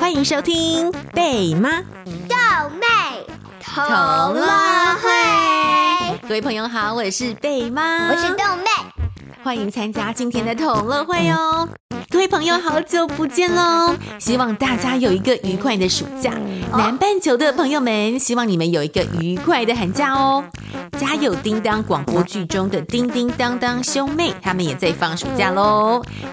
歡迎收聽貝媽豆妹童樂會，各位朋友好，我是貝媽，我是豆妹，歡迎參加今天的童樂會哦！各位朋友，好久不見嘍！希望大家有一個愉快的暑假。南半球的朋友們，希望你們有一個愉快的寒假哦。家有叮噹廣播劇中的叮叮噹噹兄妹，他們也在放暑假嘍。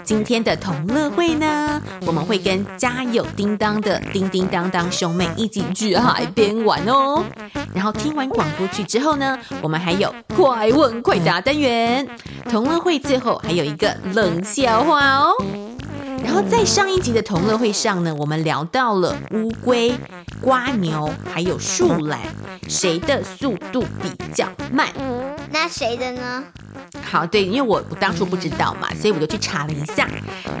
今天的同樂會呢，我們會跟家有叮噹的叮叮噹噹兄妹一起去海邊玩哦。然後聽完廣播劇之後呢，我們還有快問快答單元。童樂會最後還有一個冷笑話哦。然後在上一集的童樂會上呢，我們聊到了烏龜、蝸牛還有樹懶，誰的速度比較慢？那誰的呢？好，對，因為我我當初不知道嘛，所以我就去查了一下，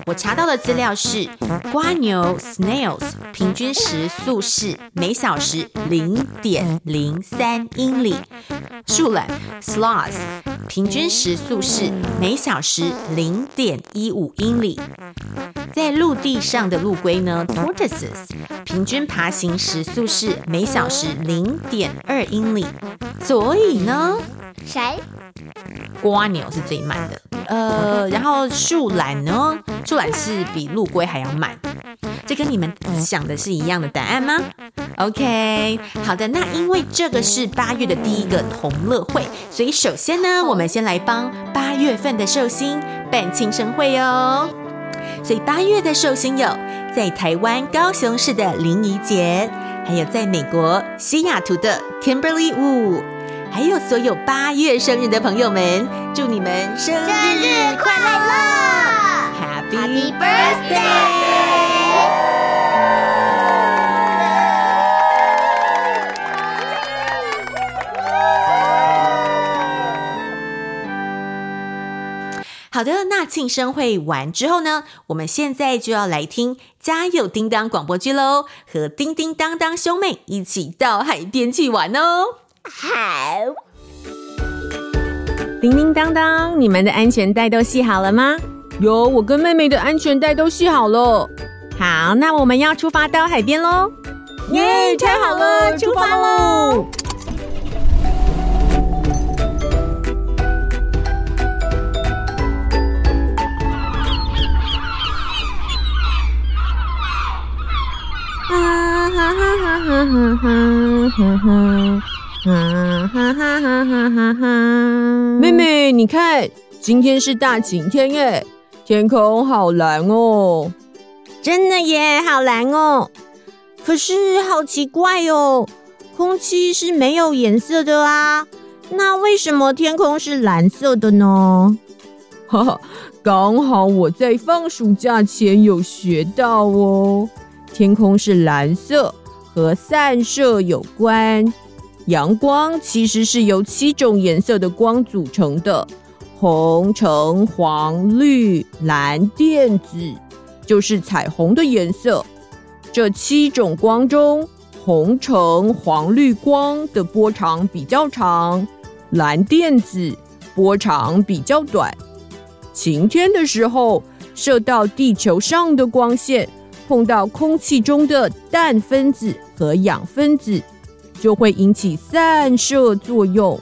我查到的資料是蝸牛 （snails） 平均時速是每小時零點零三英里，樹懶 （sloths）。Sl oths, 平均時速是每小時零點一五英里，在陸地上的陸龜呢 （tortoises），平均爬行時速是每小時零點二英里。所以呢誰，誰？蝸牛是最慢的。呃，然後樹懶呢？樹懶是比陸龜還要慢。這跟你們想的是一樣的答案嗎？OK，好的，那因為這個是八月的第一個童樂會，所以首先呢，我們先來幫八月份的壽星辦慶生會哦。所以八月的壽星有在台灣高雄市的林宜潔，還有在美國西雅圖的 Kimberly Woo，還有所有八月生日的朋友們，祝你們生日快樂，生日快樂！Happy birthday！好的，那慶生會完之後呢，我們現在就要來聽《家有叮噹》廣播劇嘍，和叮叮噹噹兄妹一起到海邊去玩哦。好，叮叮噹噹，你們的安全帶都繫好了嗎？有，我跟妹妹的安全帶都繫好了。好，那我們要出發到海邊嘍。耶、yeah，太好了，出發嘍！哈哈哈哈哈！哈哈，哈哈哈哈哈！哈哈，妹妹，你看，今天是大晴天耶，天空好藍哦，真的耶，好藍哦。可是好奇怪哦，空氣是沒有顏色的啊，那為什麼天空是藍色的呢？哈哈，剛好我在放暑假前有學到哦。天空是藍色，和散射有關。陽光其實是由七種顏色的光組成的，紅、橙、黃、綠、藍、靛、紫，就是彩虹的顏色。這七種光中，紅、橙、黃、綠光的波長比較長，藍、靛、紫波長比較短。晴天的時候，射到地球上的光線，碰到空氣中的氮分子和氧分子，就會引起散射作用。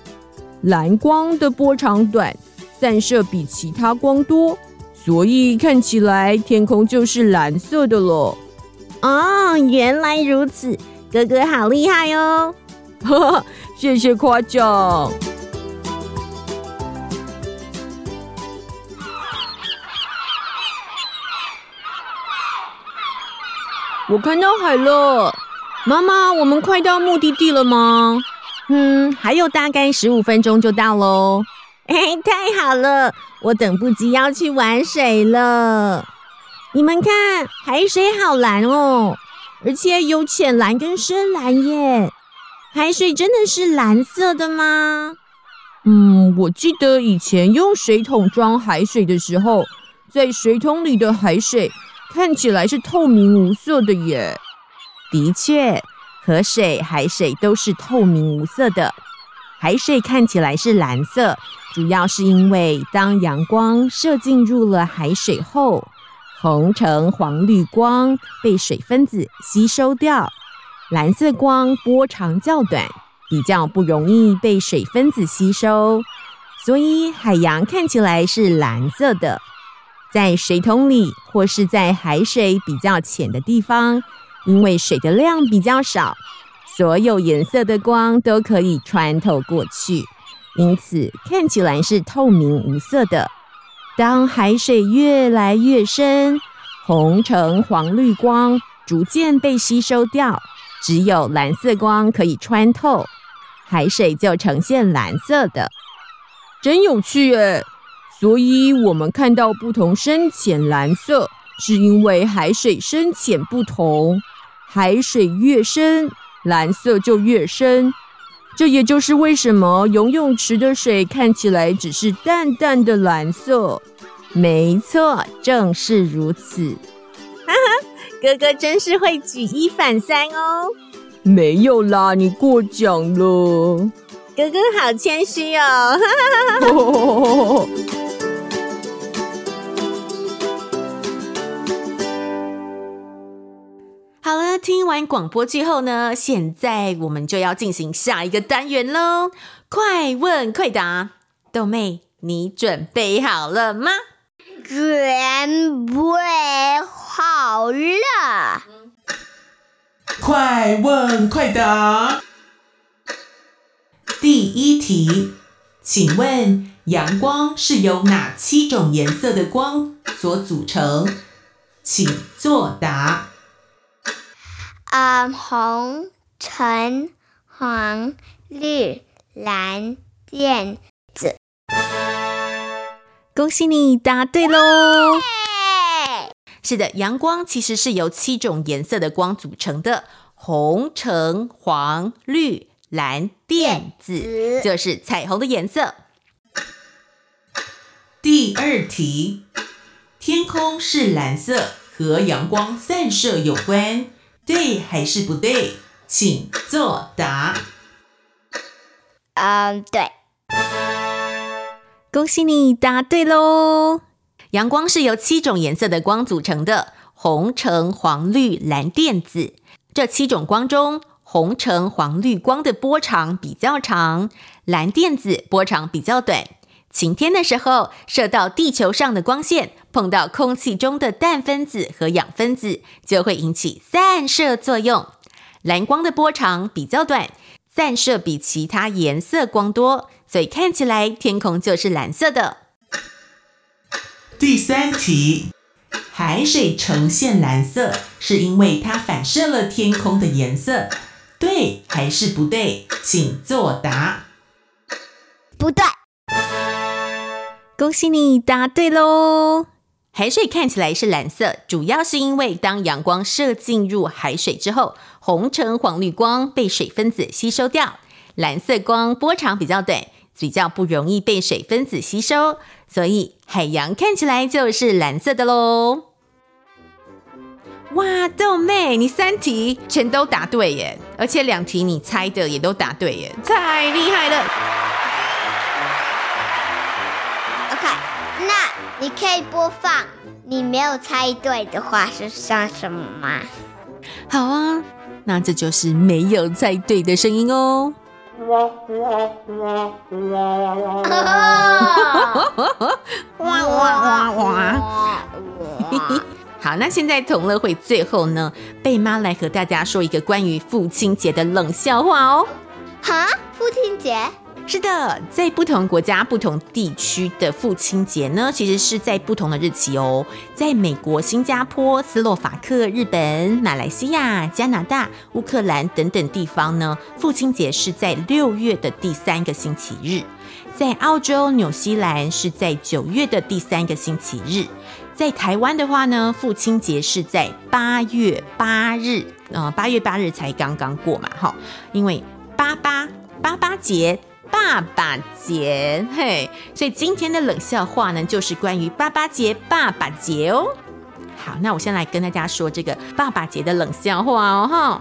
藍光的波長短，散射比其他光多，所以看起來天空就是藍色的了。哦，原來如此，哥哥好厲害哦！呵呵，謝謝誇獎。我看到海了，媽媽，我們快到目的地了嗎？嗯，還有大概十五分鐘就到嘍。哎，太好了，我等不及要去玩水了。你們看，海水好藍哦，而且有淺藍跟深藍耶。海水真的是藍色的嗎？嗯，我記得以前用水桶裝海水的時候，在水桶裡的海水。看起來是透明無色的耶。的確，河水、海水都是透明無色的。海水看起來是藍色，主要是因為當陽光射進入了海水後，紅、橙、黃、綠光被水分子吸收掉，藍色光波長較短，比較不容易被水分子吸收，所以海洋看起來是藍色的。在水桶裡，或是在海水比較淺的地方，因為水的量比較少，所有顏色的光都可以穿透過去，因此看起來是透明無色的。當海水越來越深，紅、橙、黃、綠光逐漸被吸收掉，只有藍色光可以穿透，海水就呈現藍色的。真有趣誒。所以，我們看到不同深淺藍色，是因為海水深淺不同。海水越深，藍色就越深。這也就是為什麼游泳池的水看起來只是淡淡的藍色。沒錯，正是如此。哈哈，哥哥真是會舉一反三哦。沒有啦，你過獎了。哥哥好謙虛哦。 聽完廣播劇後呢，現在我們就要進行下一個單元嘍！快問快答，豆妹，你準備好了嗎？準備好了。快問快答。第一題，請問陽光是由哪七種顏色的光所組成？請作答。嗯、呃，紅、橙、黃、綠、藍、靛、紫。恭喜你答對嘍！哎、是的，陽光其實是由七種顏色的光組成的，紅、橙、黃、綠、藍、靛、紫，就是彩虹的顏色。第二題，天空是藍色，和陽光散射有關。對還是不對？請作答。嗯、呃，對。恭喜你答對嘍！陽光是由七種顏色的光組成的，紅、橙、黃、綠、藍、靛、紫。這七種光中，紅、橙、黃、綠光的波長比較長，藍、靛、紫波長比較短。晴天的時候，射到地球上的光線。碰到空氣中的氮分子和氧分子，就會引起散射作用。藍光的波長比較短，散射比其他顏色光多，所以看起來天空就是藍色的。第三題，海水呈現藍色是因為它反射了天空的顏色，對還是不對？請作答。不對，恭喜你答對咯！海水看起來是藍色，主要是因為當陽光射進入海水之後，紅、橙、黃、綠光被水分子吸收掉，藍色光波長比較短，比較不容易被水分子吸收，所以海洋看起來就是藍色的嘍。哇，豆妹，你三題全都答對耶，而且兩題你猜的也都答對耶，太厲害了！你可以播放你沒有猜對的話是像什麼嗎？好啊，那這就是沒有猜對的聲音哦。好，那現在童樂會最後呢，貝媽來和大家說一個關於父親節的冷笑話哦。哈，父親節。是的，在不同國家、不同地區的父親節呢，其實是在不同的日期哦。在美國、新加坡、斯洛伐克、日本、馬來西亞、加拿大、烏克蘭等等地方呢，父親節是在六月的第三個星期日。在澳洲、紐西蘭是在九月的第三個星期日。在台灣的話呢，父親節是在八月八日，呃，八月八日才剛剛過嘛，哈，因為八八八八節。爸爸節，嘿，所以今天的冷笑話呢，就是關於爸爸節、爸爸節哦。好，那我先來跟大家說這個爸爸節的冷笑話哦，哈。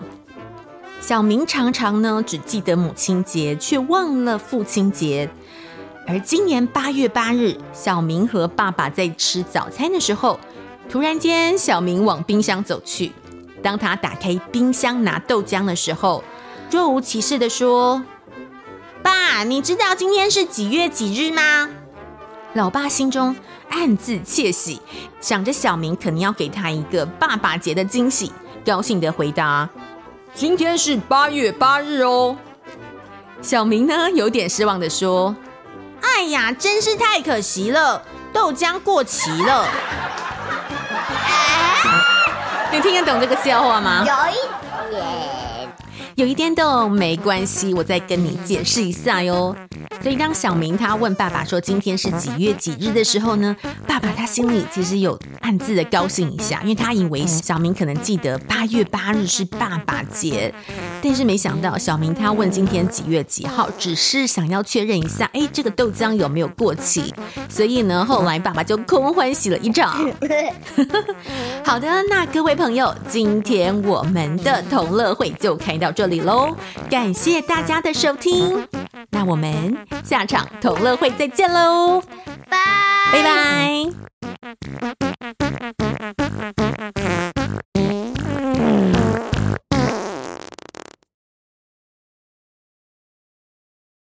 小明常常呢只記得母親節，卻忘了父親節。而今年八月八日，小明和爸爸在吃早餐的時候，突然間小明往冰箱走去。當他打開冰箱拿豆漿的時候，若無其事的說，爸，你知道今天是幾月幾日嗎？老爸心中暗自竊喜，想着小明可能要給他一個爸爸節的驚喜，高興的回答：“今天是八月八日哦。”小明呢，有點失望的說：“哎呀，真是太可惜了，豆漿過期了。”你聽得懂這個笑話嗎？有一點都沒關係，我再跟你解釋一下喲。所以當小明他問爸爸說今天是幾月幾日的時候呢，爸爸他心裡其實有暗自的高興一下，因為他以為小明可能記得八月八日是爸爸。但是沒想到小明他問今天幾月幾號，只是想要確認一下，誒，這個豆漿有沒有過期？所以呢，後來爸爸就空歡喜了一場。好的，那各位朋友，今天我們的童樂會就開到這裡嘍，感謝大家的收聽，那我們下場童樂會再見嘍，拜拜。